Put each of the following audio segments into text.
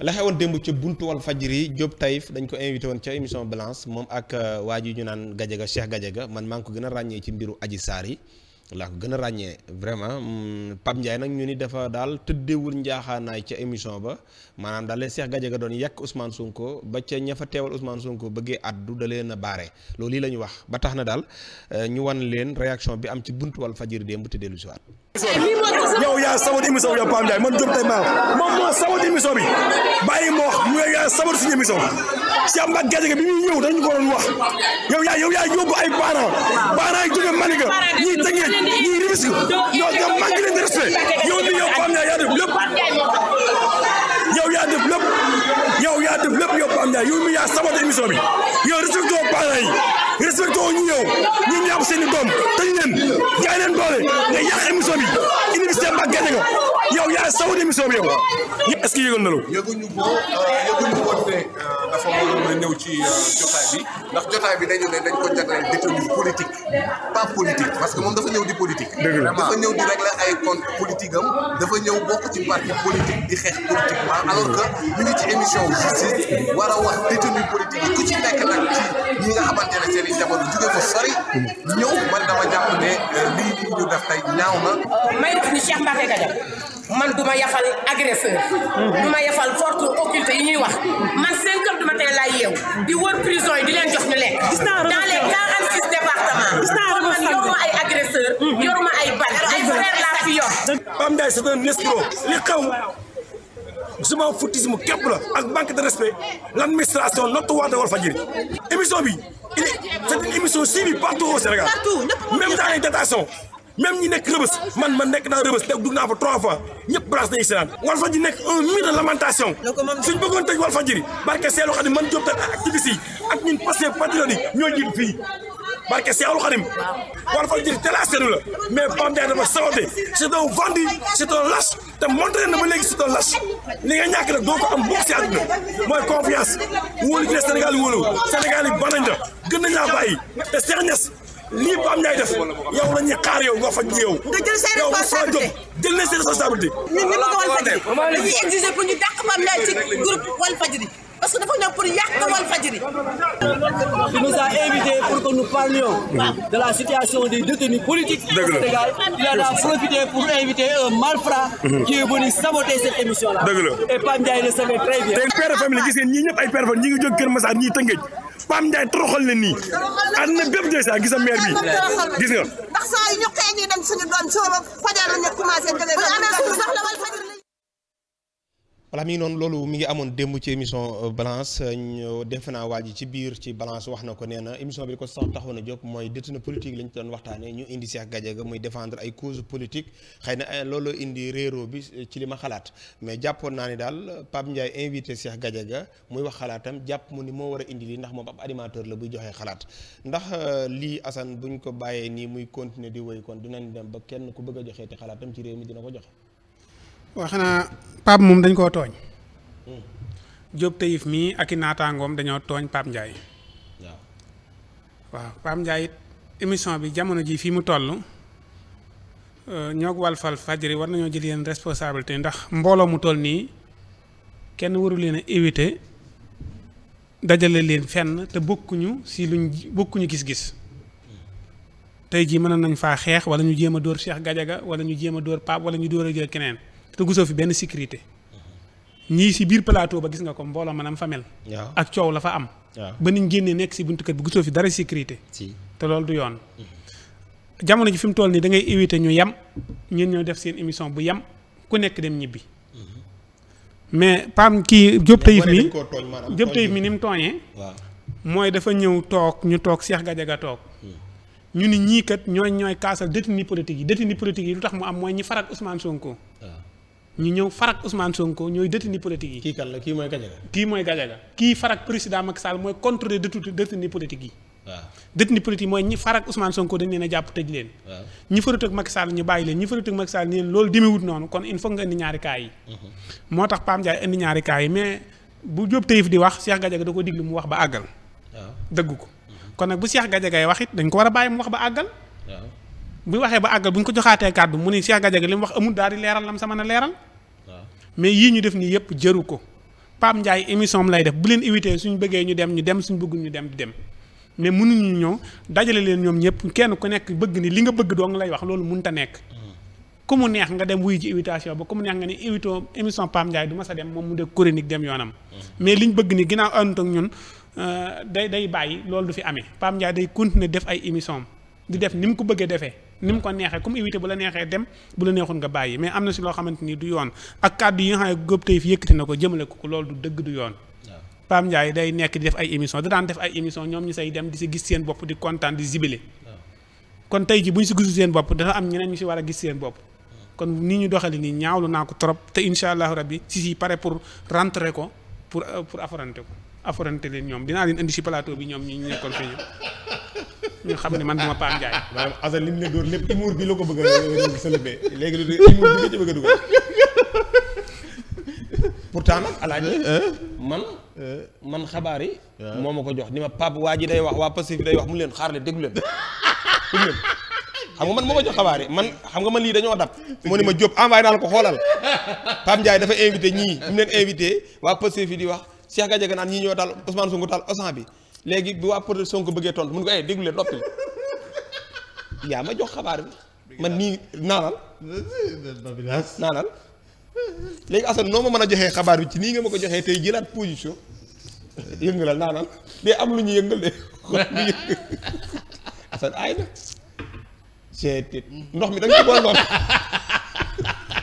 la xewoon démb ca buntu wal fajri Diop Taïf dañ ko invité woon ca émission balance moom ak euh, waa ji ñu naan Gadiaga Cheikh Gadiaga man maa ngi ko gën a ràññee ci mbiru Adji saari yi ko gën a ràññee vraiment mm, Pape Ndiaye nag ñu ni dafa daal tëddeewul njaaxaanaay ca émission ba maanaam daal leen Cheikh Gadiaga doon yàq Ousmane Sonko ba ca ña fa teewal Ousmane Sonko bëggee addu da leen a baare loolu lii la ñu wax ba tax na daal euh, ñu wan leen réaction bi am ci buntu wal fajri démb te dellu si yow yaa sabot émission bi yow Pape Ndiaye man Diop tey maa moom moo sabot émission bi bàyyi moo wax mu yow yaa sabot suñu émission Cheikh Mbacke Gadiaga bi muy ñëw dañu ko doon wax yow yaa yow yaa yóbbu ay parents parents yi jóge Malika ñiy tënkee ñiy Rufisque ñoo nga manqué leen de respect yow mi yow Pape Ndiaye yaa def lépp yow yaa yow yaa def yow Pape Ndiaye yow mi yaa sabot émission bi yow respecté parents yi respecté wu ñu yow ñun ñu am seen i doom tëj leen jaay leen doole nga yàq émission bi université Mbacké Ndiaga yow yaa sawu émission bi yow est-ce que yëgal na la. foogoon na ñëw ci euh, jotaay bi ndax jotaay bi dañu ne dañ ko jagleel détenu politique pas politique parce que moom dafa ñëw di politique. dafa ñëw di régler ay compte politique am dafa ñëw bokk ci parti politique di xeex politiquement alors que ñu ngi ci émission justice war a wax détenu politique ku ci nekk nag ci ñi nga xamante ne seen i jamono jóge fa ñëw man dama jàpp ne euh, lii li ñu def tey ñaaw na. Euh, may def ni Cheikh Mbacké Kadior man du ma yafal agresseur. du ma yafal force occulte yi ñuy wax man laay yeew di wër prison yi di leen jox ñu lekk dans les quarante six départements kon man yoruma ay agresseur mhm. ay bal ay frère laa fi yor Pape Ndiaye c'est un escroc li xew justement foutisme képp la ak manque de respect l'administration notoire de Walfadjri émission bi c'est une émission suivie partout au Sénégal même dans les détentions même ñi nekk rëbës man man nekk naa rëbës dugg naa fa trois fois ñëpp branche nañu si naan Walfadjri nekk un mur de lamentation suñ bëggoon tëj Walfadjri barke Seexul Xadim man Diop Tall ak ak ñun Pastef patriote yi ñoo jiitu fii barke Seexul Xadim Walfadjri télé askan la mais Pape Ndiaye dafa saboté c'est un vendu c'est un lâche te montré na ba léegi c'est un lâche li nga ñàkk nag doo ko am bokk si àdduna mooy confiance wóolu gi ne Sénégal yi wóolu banañ la gën nañ lii bu am ñaay def yow la ñuy xaar yow nga faj yow. nga jël sa responsabilité jël na sa responsabilité. ñun ni ma ko Walfadjri dañuy exiger pour ñu dàq Mame Ndiaye ci groupe Walfadjri parce que dafa ñëw a invités pour que nous parlions de la situation des détenus politiques au Sénégal. Il en a profité pour inviter un malfrat mhm. qui est venu cette émission là. dëgg la et Pape Ndiaye le savait très bien. tey père de famille gis ngeen ñii ñëpp ay père de ñi ngi jóg Kër Massar ñii Pam Ndiaye toroxal na nii àdduna bépp dèjà gis nga maire bi gis nga. ndax saa yu ñu xëy nii dañ suñu doon soo fajal ñu commencé. voilà mi ngi noonu loolu mi ngi amoon démb ci émission euh, balance euh, euh, defe naa waa ji ci biir ci balance wax na ko nee na émission bi ko sax taxoon a jóg mooy détenu politique lañ doon waxtaanee ñu indi Cheikh Gadiaga muy défendre ay cause politique xëy na loolu indi réeroo bi ci li ma xalaat mais jàppoon naa ne daal Pape Ndiaye invité gaja Gadiaga muy wax xalaatam jàpp mu ni moo war a indi lii ndax moom ab animateur la buy joxee xalaat ndax lii Assane buñ ko bàyyee nii muy continuer di wéy kon dinañ dem ba kenn ku bëgg a joxeeti xalaatam ci réew mi dina ko joxe waaw xanaa Pape moom dañ koo tooñ. Diop hmm. Taïf mii ak i naataangoom dañoo tooñ Pape Ndiaye. waaw Pape Ndiaye it émission bi jamono ji fii mu toll uh, ñoog Walfal Fadjri war nañoo jël yeen responsabilité ndax mbooloo mu toll nii kenn waru leen a éviter dajale leen fenn te bokkuñu si luñ bokkuñu gis-gis. Hmm. tey jii mën nañ faa xeex wala ñu jéem a dóor Cheikh Gadiaga wala ñu jéem dóor Pape wala ñu dóor a jël keneen. te gisoo fi benn sécurité ñii si biir palaato ba gis nga ko mbooloo maanaam fa mel. ak coow la fa am. ba nuñ génnee nekk si buntu kër bi gisoo fi dara sécurité. te loolu du yoon. Mm-hmm. jamono ji fi mu toll nii da ngay éviter ñu yem ñun ñoo def seen émission bu yem ku nekk dem ñibbi. Mm-hmm. mais pam kii Diop Taïf mi Diop Taïf mi ni mu mooy dafa ñëw toog ñu toog Cheikh Gadiaga toog. Mm. ñu ni ñii kat ñooy ñooy kaasal détenu politique yi détenu politique yi lu tax mu am mooy ñi faral Ousmane Sonko. ñu ñëw farak Ousmane Sonko ñooy détenu politique yi. kii kan la kii mooy Gajaga. kii mooy Gajaga kii farak président Macky Sall mooy contre détenu politique yi. waaw détenu politique mooy ñi farak Ousmane Sonko dañ leen a jàpp tëj leen. ñi farut ak Macky Sall ñu bàyyi leen ñi farut ak Macky Sall ñu loolu demewut noonu kon il nga indi ñaari cas yi. Mhm. moo tax Pam Ndiaye indi ñaari cas yi mais bu Diop Taïf di wax Cheikh Gajaga da ko diglu mu wax ba àggal. dëgg ko mhm. kon nag bu Cheikh Gajaga wax it dañ ko war a bàyyi mu ba àggal. bu waxee ba àggal bu ñu ko joxaatee kàddu mu ni Cheikh Gadiaga li mu wax amul daal di leeral lam sa mën a leeral. mais yii ñu def nii yëpp jëru ko Pape Ndiaye émission lay def bu leen invité suñu bëggee ñu dem ñu dem suñu bëggul ñu dem dem. mais mënuñu ñëw dajale leen ñoom ñëpp kenn ku nekk bëgg ni li nga bëgg dong lay wax loolu mënut a nekk. Mm. ku neex nga dem wuy ji invitation ba ku mu neex nga ni invito émission Pape du ma sa dem moom mu de chronique dem yoonam. Mm. mais li ñu bëgg ni ginnaaw ànd ñun euh, day day bàyyi loolu du fi amee Pape Ndiaye day continuer def ay émission di def ni mu ko bëggee defee ni mu ko neexee comme éviter bu la neexee dem bu la neexul nga bàyyi mais am na si loo xamante ni du yoon ak kàddu yi nga xam ne góob tey fi yëkkati na ko jëmale ko loolu du dëgg du yoon Pape Ndiaye day nekk di def ay émission da daan def ay émission ñoom ñu say dem di si gis seen bopp di kontaan di zibile kon tey ji bu ñu si gisul seen bopp dafa am ñeneen ñu si war a gis seen bopp kon ni ñu doxali nii ñaawlu naa ko trop te incha allahu rabbi si si pare pour rentrer ko pour euh, pour affronter ko affronter leen ñoom dinaa leen indi si plateau bi ñoom ñi ñu nekkoon ñu xam ne man duma Pape Ndiaye. li mu la dóor lépp humour bi a sëlëbee euh, léegi lu humour bi nga ci bëgg a dugal pourtant nag alaaji euh, euh. man man xabaar yi. moo ma ko jox ni ma Pape waa ji day wax waa Pastef bi day wax mu leen xaar leen déglu leen nga man moo ko jox xabaar man xam nga man lii dañoo dab. moo ma Diop envoyé naa la ko xoolal Pape Ndiaye dafa invité ñii mu leen invité waa Pastef bi di wax Cheikh Gadiaga naan ñii ñoo daal Ousmane Sonko daal Ousmane bi. léegi bi waa projet Sonko bëggee tontu mun ko ay eh, déglu leen noppi yaa ma jox xabaar bi man nii naanal naanal léegi Assane noo ma mën a joxee xabaar bi ci nii nga ma ko joxee tey jëlaat position yëngalal naanal day am lu ñu yëngal de Assane aay na ndox mi da nga ci bool ndox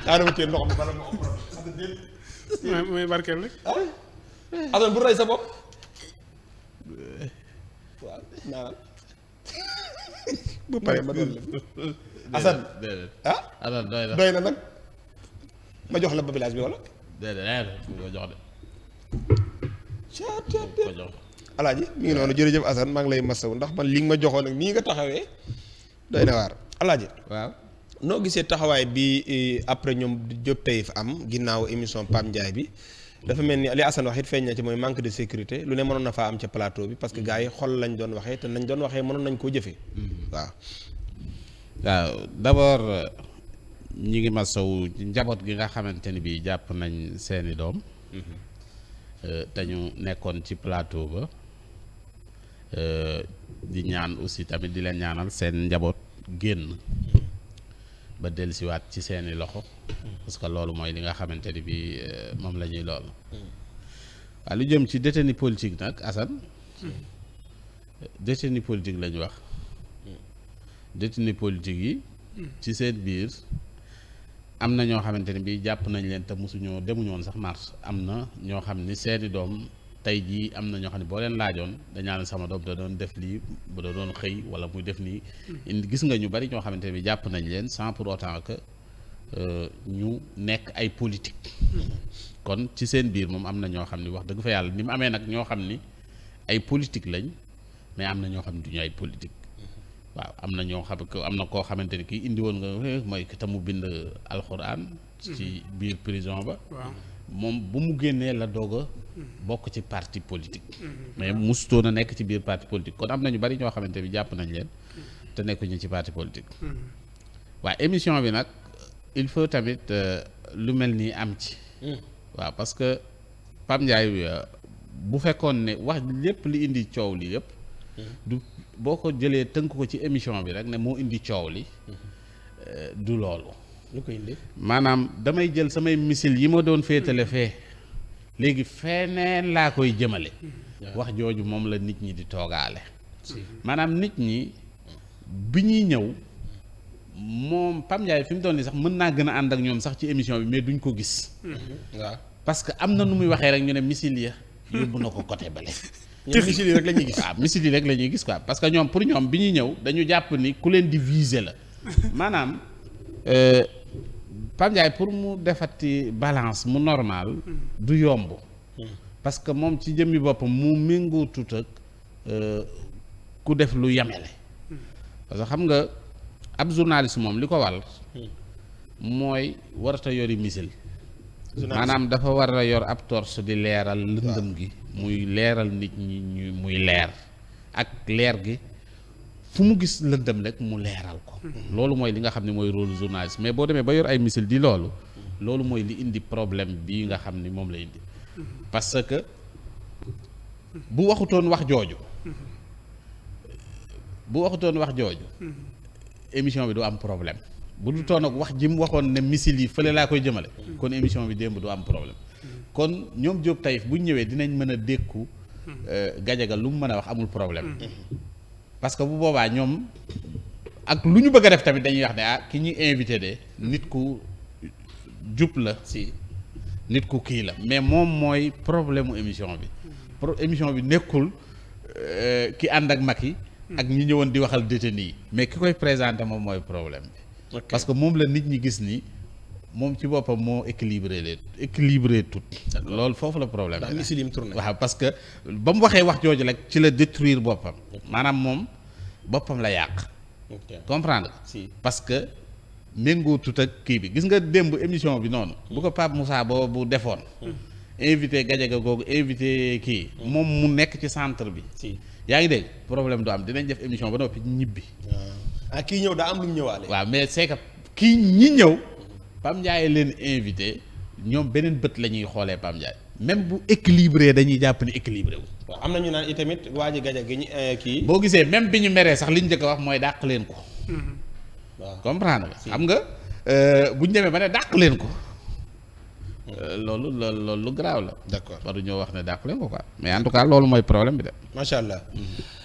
daanaka tey ndox mi bala ma ëpp mooy ah. bu rey sa bopp waaw naanal. bu paree ma doon Assane ah, ah doy na nag ma jox la ba village bi wala. déedéet ma mi ngi noonu jërëjëf Assane maa ngi lay masawu ndax man li ma joxoo ak mii nga taxawee doy na waar alaaji. noo gisee taxawaay bi eh, après ñoom Diop Taïf am ginnaaw émission Pape Ndiaye bi. dafa mel ni li Assane wax it feeñ na ci mooy manque de sécurité lu ne mënoon na faa am ca plateau bi parce que gars yi xol lañ doon waxee te nañ doon waxee mënoon nañ koo jëfee mm-hmm. waaw ñu d'abord ñi ngi masaw njaboot gi nga xamante ni bi jàpp nañ seeni doom mm-hmm. euh, te nekkoon ci palateau ba euh, di ñaan aussi tamit di leen ñaanal seen njaboot génn ba dellusiwaat ci seeni loxo parce que loolu mooy li nga xamante ni bii euh, moom la ñuy lool lu jëm ci détenu politique nag Assane détenu politique la wax détenu politique yi ci seen biir am na ñoo xamante ni bii jàpp nañ leen te mosuñoo demuñoon sax mars am na ñoo xam ni seeni doom tey jii am na ñoo xam ne boo leen laajoon dañaa ne sama doom da doon def lii bu da doon xëy wala muy def nii mm-hmm. indi gis nga ñu bari ñoo xamante ne jàpp nañ leen sans pour autant que euh, ñu nekk ay politique mm-hmm. kon ci seen biir moom am na ñoo xam ne wax dëgg fa yàlla ni mu amee nag ñoo xam ni ay politique lañ mais am na ñoo xam ne du ay politique mm-hmm. waaw am na ñoo xam am na koo xamante ni kii indi woon nga eh, mooy te mu bind alxuraan. ci biir prison ba. moom bu mu génnee la doog a mm-hmm. bokk ci parti politique. Mm-hmm. mais musutoon na nekk ci biir parti politique kon am na ñu bari ñoo xamante bi jàpp nañ leen. Mm-hmm. te nekkuñu ci parti politique. waa émission bi nag il faut tamit euh, lu mel nii am ci. Mm. waaw parce que Pape Ndiaye euh, bu fekkoon ne wax lépp li indi coow li yëpp. du boo ko jëlee tënk ko ci émission bi rek ne moo indi coow li. Euh, du loolu. lu ko indi maanaam damay jël samay missile yi ma doon féetale fee léegi feneen laa koy jëmale hmm. wax jooju moom la nit ñi di toogaale maanaam nit ñi bi ñuy ñëw moom Pam Ndiaye fi mu doon yi sax mën naa gën a ànd ak ñoom sax ci émission bi mais duñ ko gis hmm. waaw parce que am na nu muy waxee rek ñu ne missile ya yóbbu na ko côté bale ñoom missile yi rek la ñuy gis waaw missile yi rek la ñuy gis quoi parce que ñoom pour ñoom bi ñuy ñëw dañu jàpp ni ku leen di viser la maanaam euh, Pape Ndiaye pour mu defati balance mu normal du yomb parce que moom ci jëmmi boppam mu méngoo tut euh, ku def lu yemele parce que xam nga ab journaliste moom li ko wal mooy warata yori misil maanaam dafa war a yor ab torse di leeral lëndëm gi muy leeral nit ñi muy leer ak leer gi fu mu gis lëndëm rek mu leeral ko. loolu mooy li nga xam ne mooy rôle journaliste mais boo demee ba yor ay missile di loolu. loolu mooy li indi problème bii nga xam ni moom la indi. parce que bu waxutoon wax jooju. bu waxutoon wax jooju. émission bi du am problème. bu du toon ak wax ji mu waxoon ne missile yi fële laa koy jëmale. kon émission bi démb du am problème. kon ñoom Diop Taïf bu ñëwee dinañ mën a dékku. Euh, gajaga lu mu mën a wax amul problème. parce que bu boobaa ñoom ak lu ñu bëgg a def tamit dañuy wax ne ah ki ñuy invité de nit ku jub la si nit ku kii la mais moom mooy problème mu émission bi pro émission bi nekkul euh, ki ànd ak mag yi ak ñu ñëwoon di waxal détenu nii mais ki koy présenté moom mooy problème bi parce que moom la nit ñi gis nii moom ci boppam moo équilibré leen équilibré tout lool foofu la problème waaw parce que ba mu waxee wax jooju rek ci la détruire boppam maanaam moom boppam la yàq comprendre parce que méngoo tout ak kii bi gis nga démb émission bi noonu hmm. bu ko Pape Moussa boo bu defoon hmm. invité gajaga googu invité kii hmm. moom mu nekk ci centre bi yaa ngi dégg problème doo am dinañ def émission ba noppi ñibbi ah, ah kii ñëw daa am lu ñëwaale waaw mais c'est kii ñi ñëw Pam Ndiaye leen invité ñoom beneen bët la ñuy xoolee Pam Ndiaye même bu équilibré dañuy jàpp ni équilibré wu. waaw am na ñu naan itamit waa ji gaja gi ñu eh, kii. boo gisee même bi ñu meree sax li ñu njëkk a wax mooy dàq leen ko. Mm-hmm. waaw comprendre nga. xam nga euh, bu ñu demee ba ne dàq leen ko. Mm. Euh, loolu loolu loolu lu garaaw la. d'accord waru ñoo wax ne dàq leen ko quoi mais en tout cas loolu mooy problème bi dem macha allah. Mm-hmm.